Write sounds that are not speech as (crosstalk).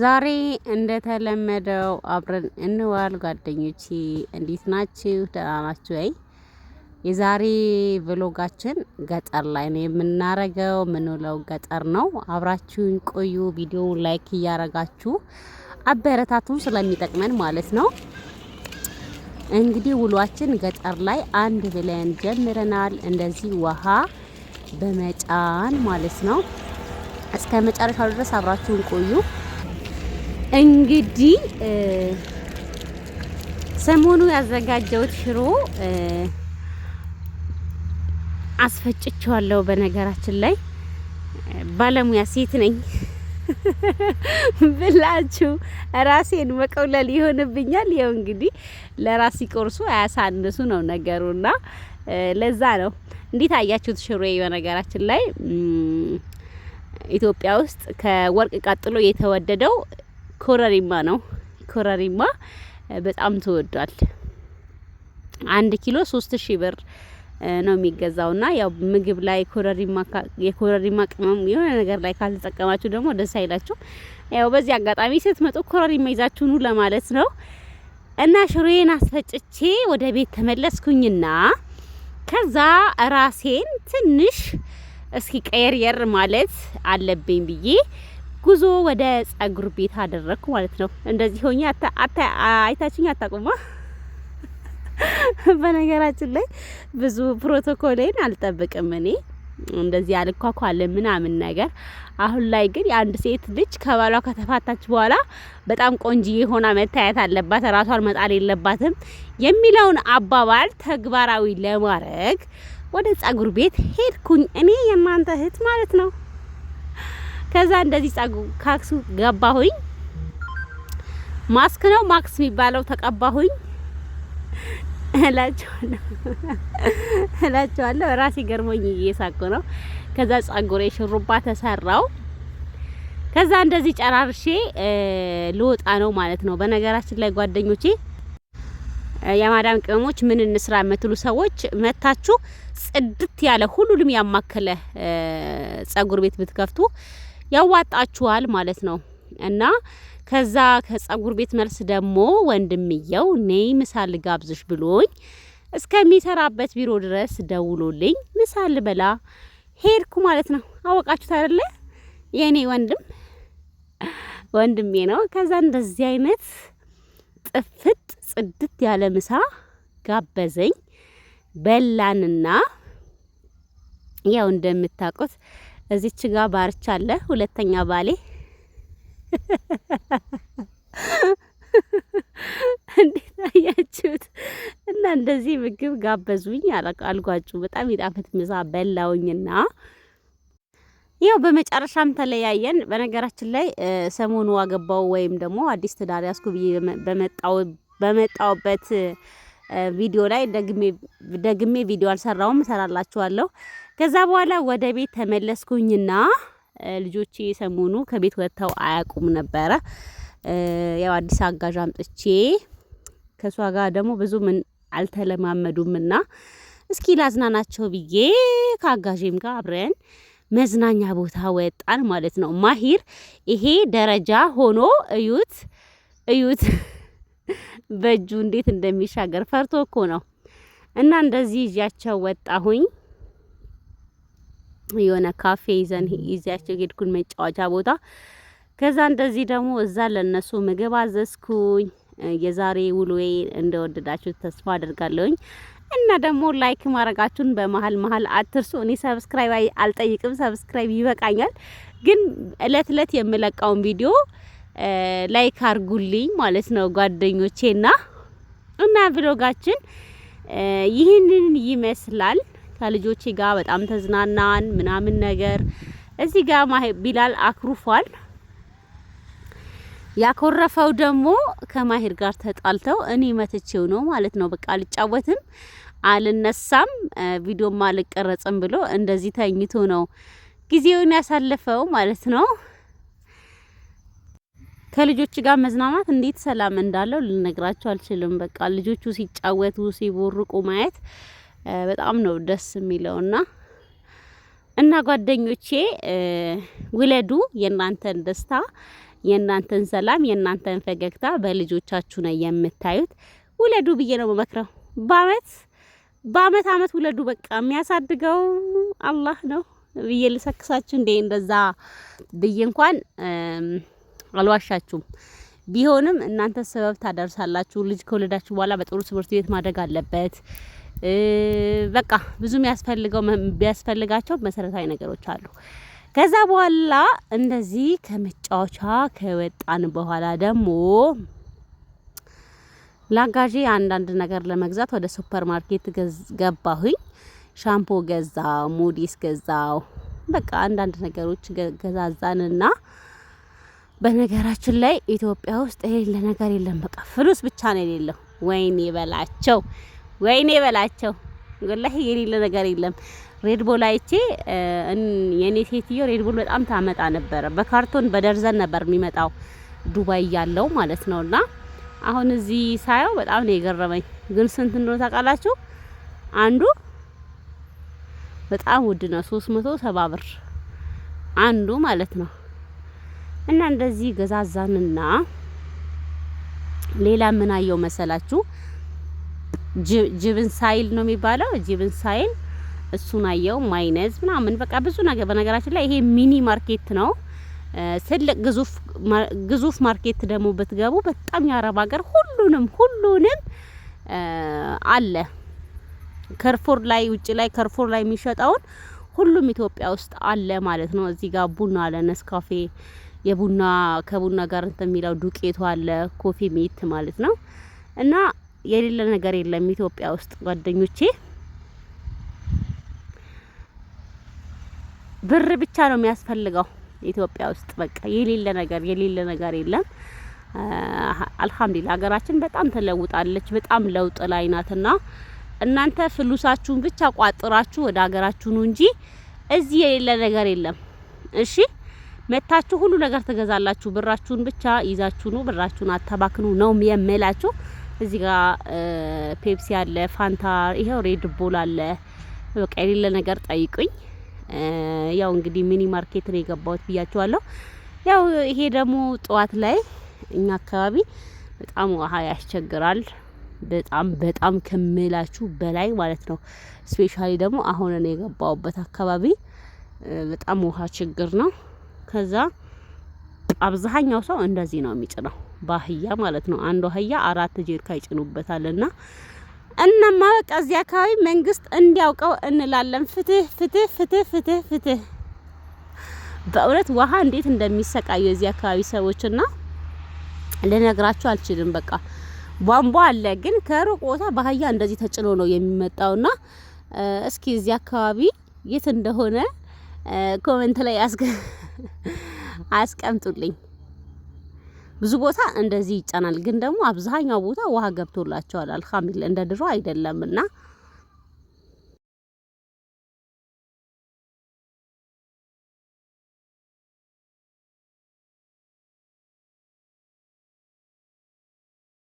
ዛሬ እንደተለመደው አብረን እንዋል ጓደኞቼ፣ እንዴት ናችሁ? ደህና ናችሁ ወይ? የዛሬ ብሎጋችን ገጠር ላይ ነው የምናረገው። ምንውለው ገጠር ነው። አብራችሁን ቆዩ። ቪዲዮውን ላይክ እያረጋችሁ አበረታቱን፣ ስለሚጠቅመን ማለት ነው። እንግዲህ ውሏችን ገጠር ላይ አንድ ብለን ጀምረናል። እንደዚህ ውሃ በመጫን ማለት ነው። እስከ መጨረሻው ድረስ አብራችሁን ቆዩ። እንግዲህ ሰሞኑ ያዘጋጀሁት ሽሮ አስፈጭቸዋለሁ። በነገራችን ላይ ባለሙያ ሴት ነኝ (laughs) ብላችሁ ራሴን መቀውለል ይሆንብኛል። ይኸው እንግዲህ ለራስ ሲቆርሱ አያሳንሱ ነው ነገሩና ለዛ ነው እንዴት አያችሁት? ሽሮዬ በነገራችን ላይ ኢትዮጵያ ውስጥ ከወርቅ ቀጥሎ የተወደደው ኮረሪማ ነው። ኮረሪማ በጣም ተወዷል። አንድ ኪሎ ሶስት ብር ነው የሚገዛውና ያው ምግብ ላይ ኮረሪማ የኮረሪማ ቅመም የሆነ ነገር ላይ ካልተጠቀማችሁ ደግሞ ደስ አይላችሁ። ያው በዚህ አጋጣሚ ስትመጡ ኮረሪማ ይዛችሁ ለማለት ነው። እና ሽሮዬን አስፈጭቼ ወደ ቤት ተመለስኩኝና ከዛ ራሴን ትንሽ እስኪ ቀየር ማለት አለብኝ ብዬ ጉዞ ወደ ጸጉር ቤት አደረግኩ ማለት ነው። እንደዚህ ሆኜ አይታችኝ አታቁማ። (laughs) በነገራችን ላይ ብዙ ፕሮቶኮሌን አልጠብቅም እኔ እንደዚህ አልኳኳልም ምናምን ነገር። አሁን ላይ ግን የአንድ ሴት ልጅ ከባሏ ከተፋታች በኋላ በጣም ቆንጅዬ ሆና መታየት አለባት፣ ራሷን መጣል የለባትም የሚለውን አባባል ተግባራዊ ለማድረግ ወደ ጸጉር ቤት ሄድኩኝ እኔ የእናንተ እህት ማለት ነው። ከዛ እንደዚህ ጸጉ ካክሱ ገባሁኝ። ማስክ ነው ማክስ የሚባለው ተቀባሁኝ። እላቸዋለሁ እላቸዋለሁ ራሴ ገርሞኝ እየሳቁ ነው። ከዛ ጸጉሬ ሽሩባ ተሰራው። ከዛ እንደዚህ ጨራርሼ ልወጣ ነው ማለት ነው። በነገራችን ላይ ጓደኞቼ የማዳም ቅመሞች ምን እንስራ የምትሉ ሰዎች መታችሁ ጽድት ያለ ሁሉንም ያማከለ ጸጉር ቤት ብትከፍቱ ያዋጣችኋል ማለት ነው እና ከዛ ከጸጉር ቤት መልስ ደግሞ ወንድምየው ነይ ምሳ ልጋብዝሽ ብሎኝ እስከሚሰራበት ቢሮ ድረስ ደውሎልኝ ምሳ ልበላ ሄድኩ ማለት ነው። አወቃችሁት አይደለ? የኔ ወንድም ወንድሜ ነው። ከዛ እንደዚህ አይነት ጥፍጥ ጽድት ያለ ምሳ ጋበዘኝ። በላንና ያው እንደምታውቁት እዚች ጋ ባርቻ አለ ሁለተኛ ባሌ እንዴት አያችሁት? እና እንደዚህ ምግብ ጋበዙኝ። አልጓጩ በጣም የጣፈት ምሳ በላውኝና ያው በመጨረሻም ተለያየን። በነገራችን ላይ ሰሞኑ አገባው ወይም ደግሞ አዲስ ትዳር ያስኩ ብዬ በመጣውበት ቪዲዮ ላይ ደግሜ ቪዲዮ አልሰራውም፣ እሰራላችኋለሁ። ከዛ በኋላ ወደ ቤት ተመለስኩኝና ልጆቼ ሰሞኑ ከቤት ወጥተው አያውቁም ነበረ። ያው አዲስ አጋዥ አምጥቼ ከእሷ ጋር ደግሞ ብዙ ምን አልተለማመዱምና እስኪ ላዝናናቸው ብዬ ከአጋዥም ጋር አብረን መዝናኛ ቦታ ወጣን ማለት ነው። ማሂር ይሄ ደረጃ ሆኖ እዩት፣ እዩት በእጁ እንዴት እንደሚሻገር ፈርቶ እኮ ነው። እና እንደዚህ ይዣቸው ወጣሁኝ። የሆነ ካፌ ይዘን ይዚያቸው ሄድኩን መጫወቻ ቦታ። ከዛ እንደዚህ ደግሞ እዛ ለነሱ ምግብ አዘዝኩኝ። የዛሬ ውሎዬ እንደወደዳችሁ ተስፋ አድርጋለሁኝ እና ደግሞ ላይክ ማድረጋችሁን በመሀል መሀል አትርሱ። እኔ ሰብስክራይብ አልጠይቅም፣ ሰብስክራይብ ይበቃኛል። ግን እለት እለት የምለቃውን ቪዲዮ ላይክ አርጉልኝ ማለት ነው ጓደኞቼና እና ብሎጋችን ይህንን ይመስላል። ከልጆቼ ጋር በጣም ተዝናናን ምናምን ነገር እዚህ ጋር ቢላል አክሩፏል። ያኮረፈው ደግሞ ከማሄድ ጋር ተጣልተው እኔ መትቼው ነው ማለት ነው። በቃ አልጫወትም፣ አልነሳም፣ ቪዲዮም አልቀረጽም ብሎ እንደዚህ ተኝቶ ነው ጊዜውን ያሳለፈው ማለት ነው። ከልጆች ጋር መዝናናት እንዴት ሰላም እንዳለው ልነግራቸው አልችልም። በቃ ልጆቹ ሲጫወቱ ሲቦርቁ ማየት በጣም ነው ደስ የሚለውና እና ጓደኞቼ ውለዱ። የእናንተን ደስታ፣ የእናንተን ሰላም፣ የእናንተን ፈገግታ በልጆቻችሁ ነው የምታዩት። ውለዱ ብዬ ነው መክረው በአመት በአመት አመት ውለዱ። በቃ የሚያሳድገው አላህ ነው ብዬ ልሰክሳችሁ እንዴ? እንደዛ ብዬ እንኳን አልዋሻችሁም። ቢሆንም እናንተ ሰበብ ታደርሳላችሁ። ልጅ ከወለዳችሁ በኋላ በጥሩ ትምህርት ቤት ማደግ አለበት። በቃ ብዙ የሚያስፈልገው ቢያስፈልጋቸው መሰረታዊ ነገሮች አሉ። ከዛ በኋላ እንደዚህ ከመጫወቻ ከወጣን በኋላ ደግሞ ላጋዥ አንዳንድ ነገር ለመግዛት ወደ ሱፐር ማርኬት ገባሁኝ። ሻምፖ ገዛው፣ ሙዲስ ገዛው፣ በቃ አንዳንድ ነገሮች ገዛዛንና በነገራችን ላይ ኢትዮጵያ ውስጥ የሌለ ነገር የለም። በቃ ፍሉስ ብቻ ነው የሌለው። ወይኔ በላቸው። ወይኔ በላቸው። ወላሂ የሌለ ነገር የለም። ሬድቦል አይቼ የኔ ሴትዮ ሬድቦል በጣም ታመጣ ነበረ። በካርቶን በደርዘን ነበር የሚመጣው ዱባይ ያለው ማለት ነውና አሁን እዚህ ሳየው በጣም ነው የገረመኝ። ግን ስንት እንደሆነ ታውቃላችሁ? አንዱ በጣም ውድ ነው፣ ሶስት መቶ ሰባ ብር አንዱ ማለት ነው። እና እንደዚህ ገዛዛንና ሌላ ምን አየው መሰላችሁ ጅብን ሳይል ነው የሚባለው። ጅብን ሳይል እሱን አየው። ማይነዝ ምናምን በቃ ብዙ ነገር። በነገራችን ላይ ይሄ ሚኒ ማርኬት ነው። ትልቅ ግዙፍ ግዙፍ ማርኬት ደግሞ ብትገቡ በጣም የአረብ ሀገር ሁሉንም ሁሉንም አለ። ከርፎር ላይ ውጭ ላይ ከርፎር ላይ የሚሸጠውን ሁሉም ኢትዮጵያ ውስጥ አለ ማለት ነው። እዚህ ጋር ቡና አለ፣ ነስካፌ የቡና ከቡና ጋር እንትን የሚለው ዱቄቱ አለ፣ ኮፊ ሜት ማለት ነው እና የሌለ ነገር የለም ኢትዮጵያ ውስጥ ጓደኞቼ። ብር ብቻ ነው የሚያስፈልገው ኢትዮጵያ ውስጥ በቃ የሌለ ነገር የሌለ ነገር የለም። አልሐምዱሊላህ ሀገራችን በጣም ተለውጣለች። በጣም ለውጥ ላይ ናትና እናንተ ፍሉሳችሁን ብቻ ቋጥራችሁ ወደ ሀገራችሁ ነው እንጂ እዚህ የሌለ ነገር የለም። እሺ መታችሁ ሁሉ ነገር ትገዛላችሁ። ብራችሁን ብቻ ይዛችሁ ነው፣ ብራችሁን አታባክኑ ነው የምላችሁ። እዚህ ጋር ፔፕሲ አለ፣ ፋንታ፣ ይሄው ሬድ ቡል አለ። በቃ የሌለ ነገር ጠይቁኝ። ያው እንግዲህ ሚኒ ማርኬት ነው የገባሁት ብያችኋለሁ። ያው ይሄ ደግሞ ጠዋት ላይ እኛ አካባቢ በጣም ውሃ ያስቸግራል። በጣም በጣም ከምላችሁ በላይ ማለት ነው። ስፔሻሊ ደግሞ አሁን ነው የገባሁበት አካባቢ በጣም ውሃ ችግር ነው። ከዛ አብዛኛው ሰው እንደዚህ ነው የሚጭነው በአህያ ማለት ነው። አንዱ አህያ አራት ጀሪካ ይጭኑበታል እና እናማ በቃ እዚህ አካባቢ መንግስት እንዲያውቀው እንላለን። ፍትህ ፍትህ ፍትህ ፍትህ ፍትህ። በእውነት ውሃ እንዴት እንደሚሰቃዩ የዚህ አካባቢ ሰዎችና ልነግራችሁ አልችልም። በቃ ቧንቧ አለ፣ ግን ከሩቅ ቦታ በአህያ እንደዚህ ተጭኖ ነው የሚመጣውና እስኪ እዚህ አካባቢ የት እንደሆነ ኮመንት ላይ አስገ አስቀምጡልኝ ብዙ ቦታ እንደዚህ ይጫናል፣ ግን ደግሞ አብዛኛው ቦታ ውሃ ገብቶላቸዋል። አልሐምዱሊላህ እንደ ድሮ አይደለምና